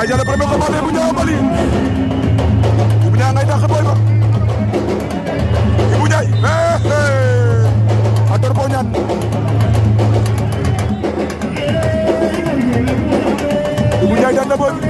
Ngaye Diallo premier combat bu ñëw Bali Ibou Ndiaye ngay dàq booy ba Ibou Ndiaye a tor ko ñaan Ibou Ndiaye daan na booy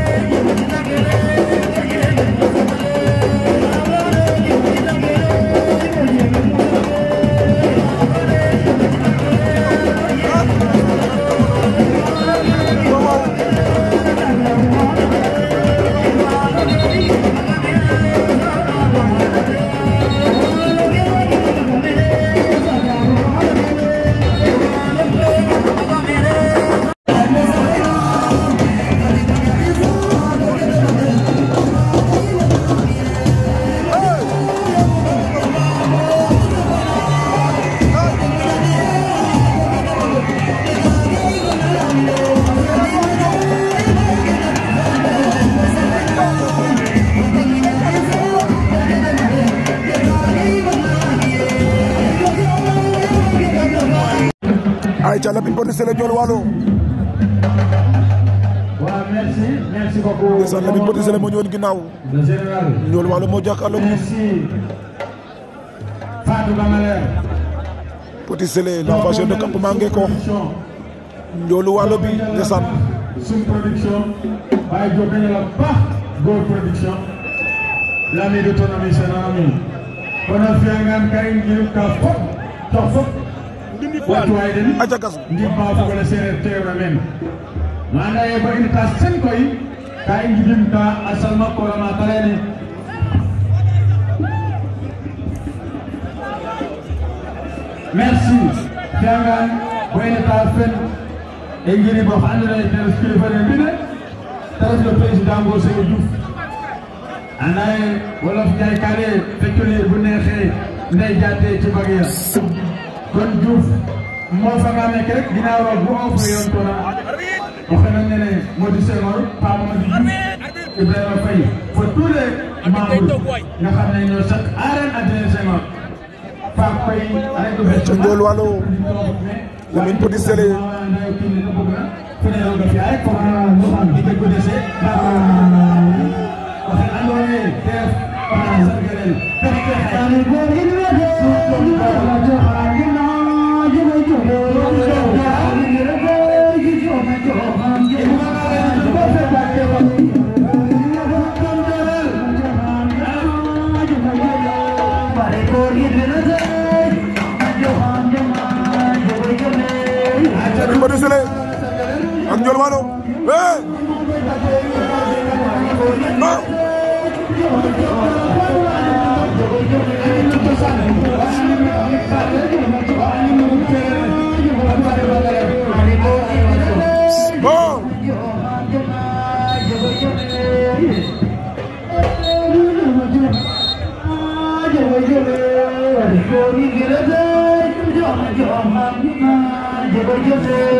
le Ndiol Waalo. waaw merci merci beaucoup. ndeysaan Lamine Petit Sélé moo ñëwoon ginnaaw. le général. Ndiol Waalo moo jàkkaarloog. merci. Fatou Bamaler. Petit Sélé la fageur de campement Ngeko. Ndiol bi ndeysaan. wattuwaay den ndimmaa fogole seereer teewna men ma anda ye bo in ka sen koy ka i ngibim ka a salmakkola ma ta leyne merci fiyangan bo i ndeta fen e ngiri bo xa andoona yee ten ref kilifa ne mbine te ref le président Ngor Seydou Diouf anda ye wolof Njaay ka lay feccoliir bu neexee ndey jaatee ci bageer kon Diouf moo fa kaa nekk rek ginnaaw loolu bu aw fa yoon toona wax nañ ne Modou Senghor Pape Modou Diouf Ibrahima Faye fa tous les membres nga xam ne ñoo chaque arène Adrien Senghor Pape Faye arrêt de bête Ndiol Walo Lamine Petit Sélé feneen nga fi ay ko xam di ko dese ba wax andone def pa sa gënal Mbadi Sele ak Ndiol Wano eh Amen.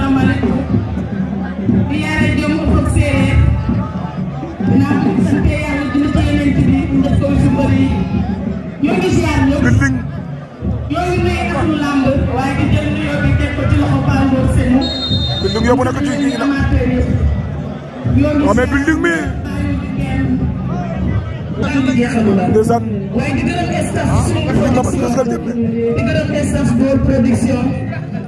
asalaamaaleykum di yaare jom foog séeréer dinaa ko sant yàlla dina ci yeneen ci biir ndax ko ci bëri ñoo ngi ziar ñëpp ñoo ngi nuyu axlu làmb waaye di jël nuyoo bi teg ko ci loxo Pambour Sémou bindung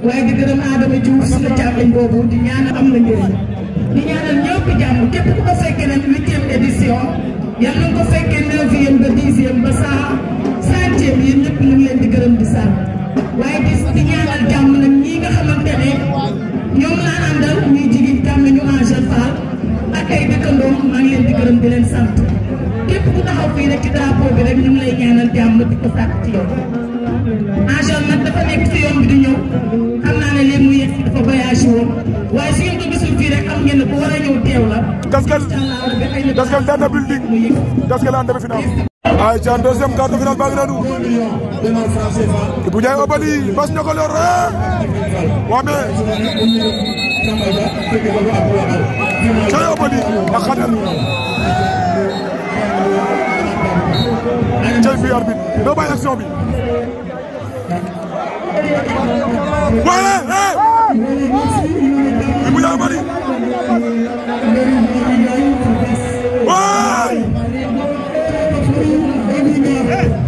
waaye di gërëm Adama Diouf si la càmmiñ boobu di ñaanal am na njëriñ di ñaanal ñëpp jàmm képp ku ko fekkee nag huitième édition yal na ko fekkee neuvième ba dixième ba saa centième yéen ñëpp ñu ngi leen di gërëm di sant waaye di di ñaanal jàmm nag ñii nga xamante ne ñoom laa àndal ñuy jigéen jàmm ñu Angel Fall ak ay dëkkandoom maa ngi leen di gërëm di leen sant képp ku taxaw fii rek ci bi rek ñu ngi lay ñaanal jàmm di ko sàkk ci macha allah dafa nekk ci yoon bi di ñëw xam naa ne léegi mu yegg dafa voyage woon waaye su ngeen ko gisul fii en demi-finale. ay ca deuxième quart de finale baa ngi noonu. Ibou Ndiaye Obali Bass Ndiogou Lor waa mais. Ndiaye Obali ak Khader. Ndiaye bi arbitre doo bàyyi action bi. Why?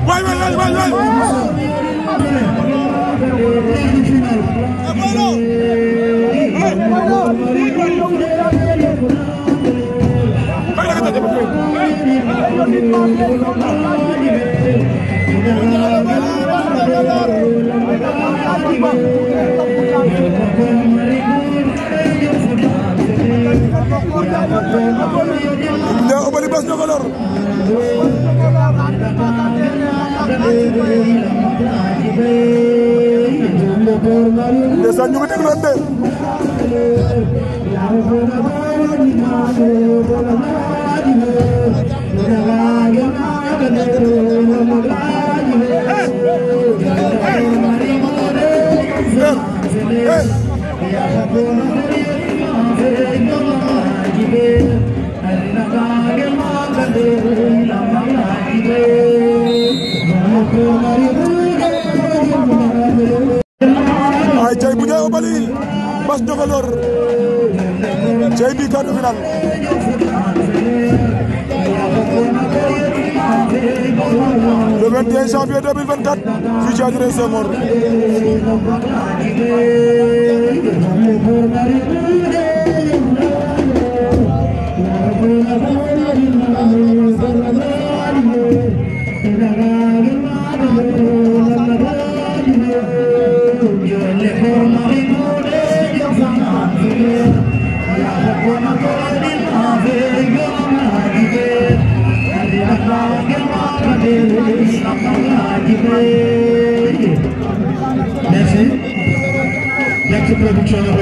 Why? Why? Why? Why? bés na ko lor ay cey bu ñëw bali bas jokalor cey bi kaddu final le 21 janvier 2024 fii ci Adrien Senghor Thank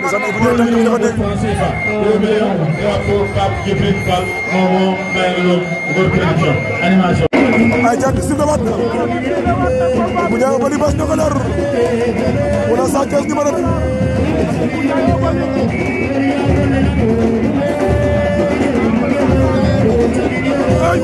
sax bu ñëwee tamit dafa dégg. ay jàpp si damat bu ñaaw ba di bas ñoo ko nar wala saa kees numéro bi ay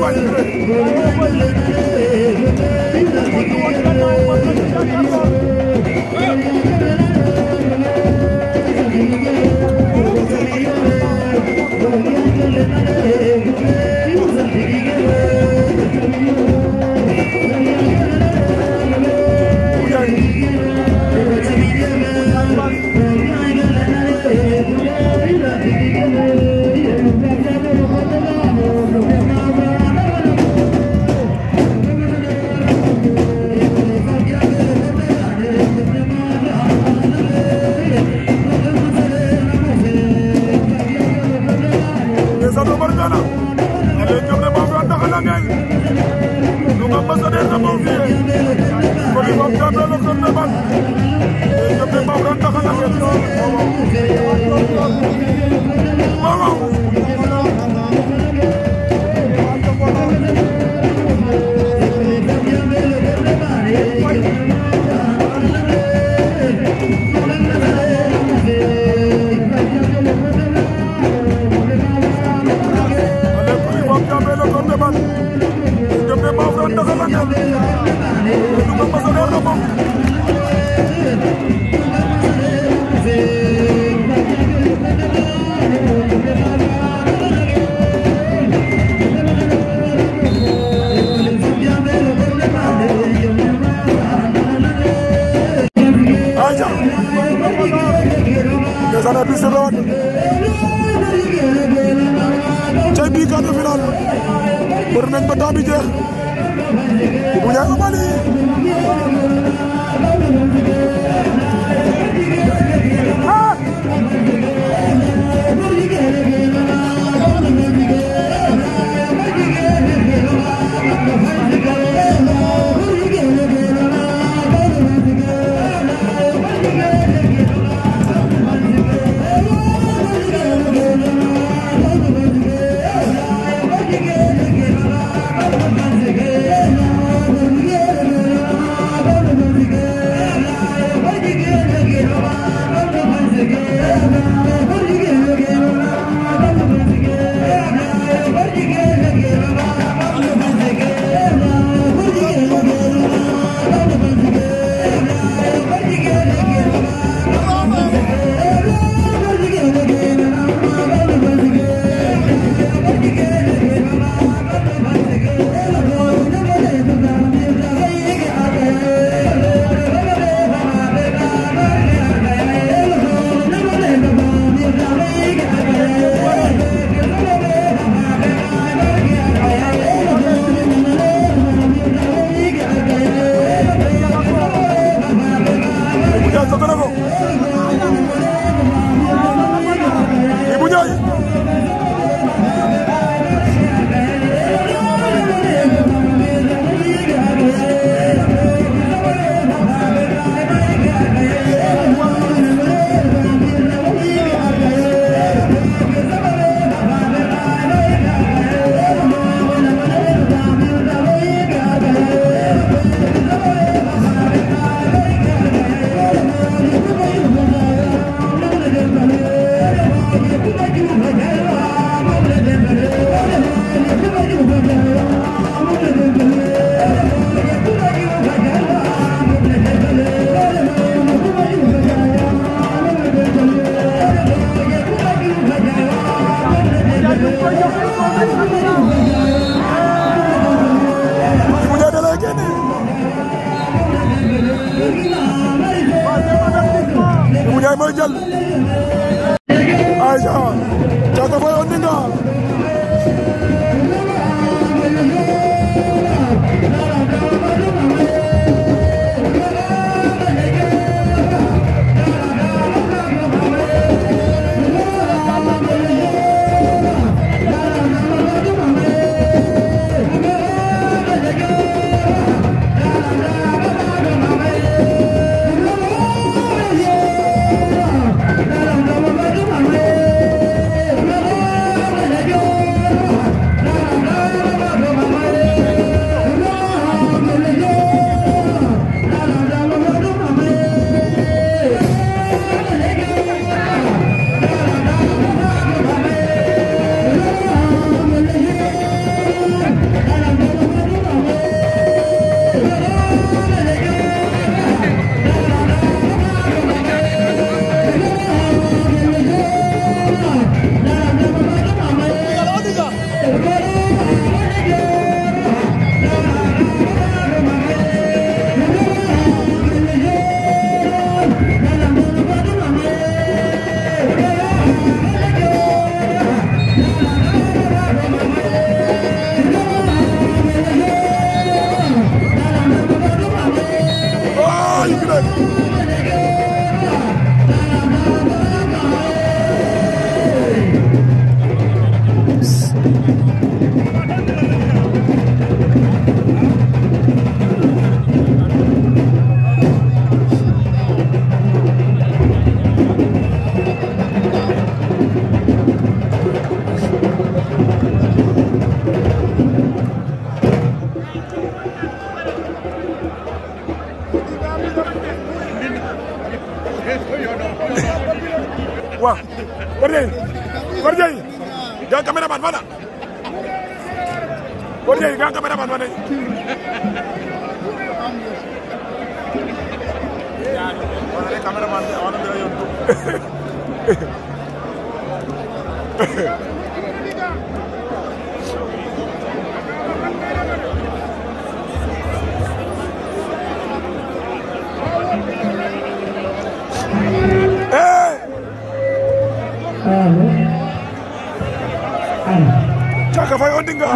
Chaka fai odinga.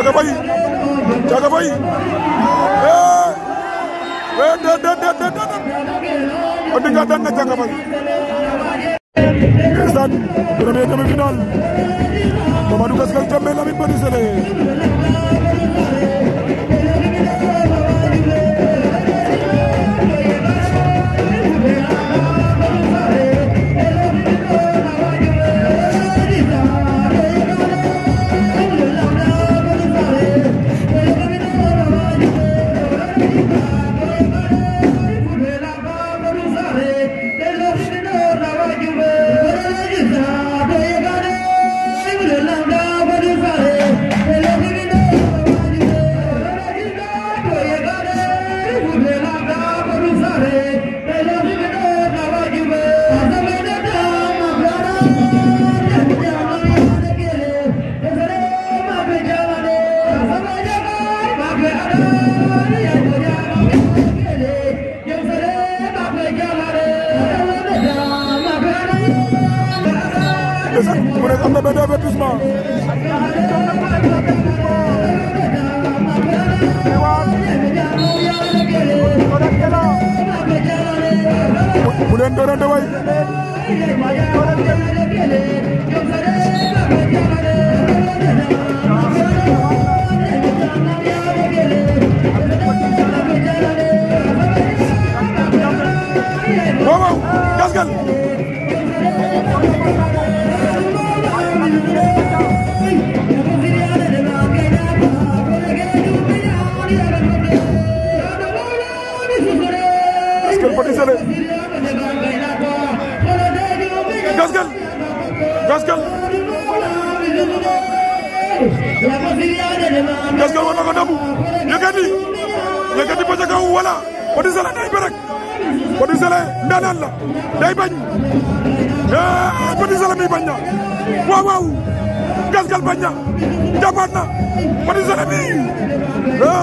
Chaka fai. Chaka fai. ndeysaan premier demi-finale Mamadou Gaskel Kembe Lamine Badji Sélé dese mu nekk am na benn avertissement mu leen doonante way waaw waaw gasgal sele gasgal gasgal gasgal war na ko dabu yëkkati yëkkati ba ca kaw wala Petit Sélé day berek Petit Sélé ndaanaan la day bañ eh, Petit Sélé mi bañ na waaw waaw gasgal bañ na jàppaat na Petit Sélé mi eh,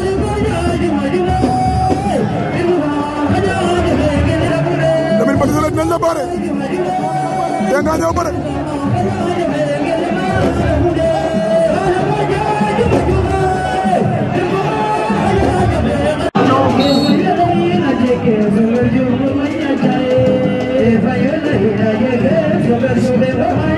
I'm dinañ la bëre dégg nga Thank you.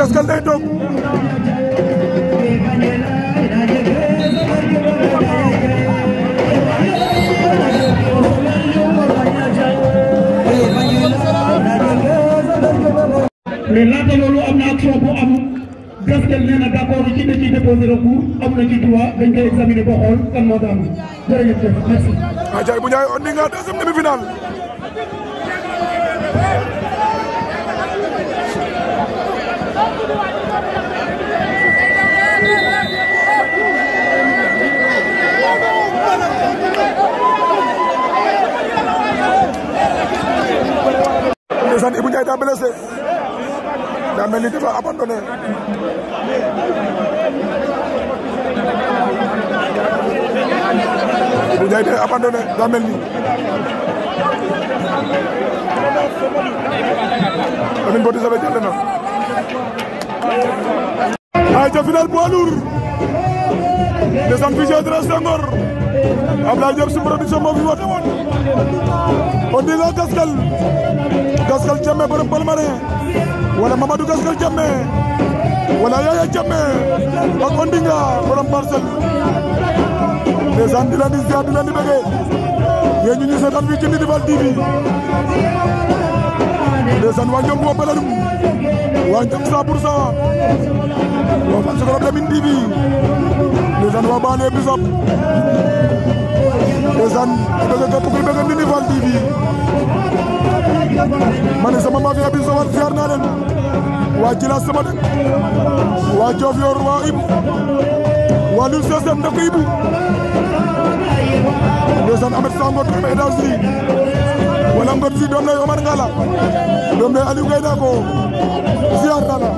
Gaskal day toog mais laata loolu am na action bu am Gaskal nee na d'accord ci ne ci déposé recours am na ci droit dañ koy examiner ba xool kan moo tax am jërëjëf merci. Ajaay bu ñaay on di nga deuxième demi-finale. Keita blessé daa mel ni dafa abandonné bu Ndiaye tey abandonné daa mel ni Lamine Bodi Sebe jàll na ay ca final poids lourd descente fii Adrien Senghor Abdoulaye Diop suñu production moo fi woote woon o ndigo Gaskel Gaskel Jemme borom Palmarin wala Mamadou Gaskel Jemme wala Yaya Jemme ak o ndinga borom Parcelles ndeysaan di leen di ziar ñu ñu seetaan fii ci Ndindyfal TV ndeysaan waa Ndiob Wapelalum waa Ndiob 100 pour 100 waa Fatou Seye ndeysaan di bëgg képp kuy bëgg Ndindy Fall TV ma ne sama mafia bi sowat ziar naa leen waa Jilas sama dëkk waa Diofior waa Ibu waa Lune Sesem dëkk Ibu ndeysaan Amet Sango doomu États-Unis wala ngot si doom lay Omar doom lay Aliou Gaye naa ko ziar naa la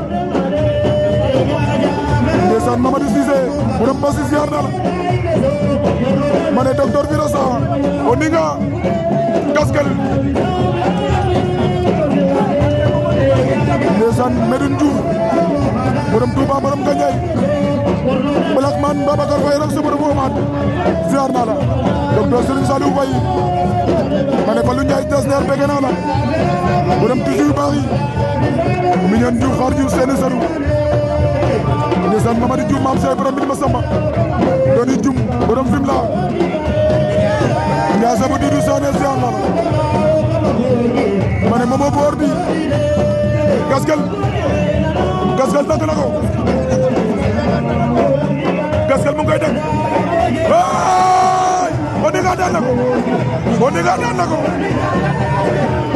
ndeysaan Mamadou Cissé borom Passy ziar naa la ma ne docteur Birossoh Oninga Gaskel ndeysaan Medoune Diouf borom Touba borom Gandiaye Black Man Babacar Faye rek sa borom Omat ziar naa la docteur Serigne Saliou Faye ma ne Fallou Ndiaye Desner bëgg la borom toujours baax yi Mignane Diouf xar Diouf ndeysaan Mamadi Diouf maam say borom bi ma samba dooni jum borom fim la yaa sama dudu soone sian la ma ne momo boor bi gaskel gaskel tàgg na ko gaskel mu ngi koy dégg waay o ndiga daan na ko o ndiga daan ko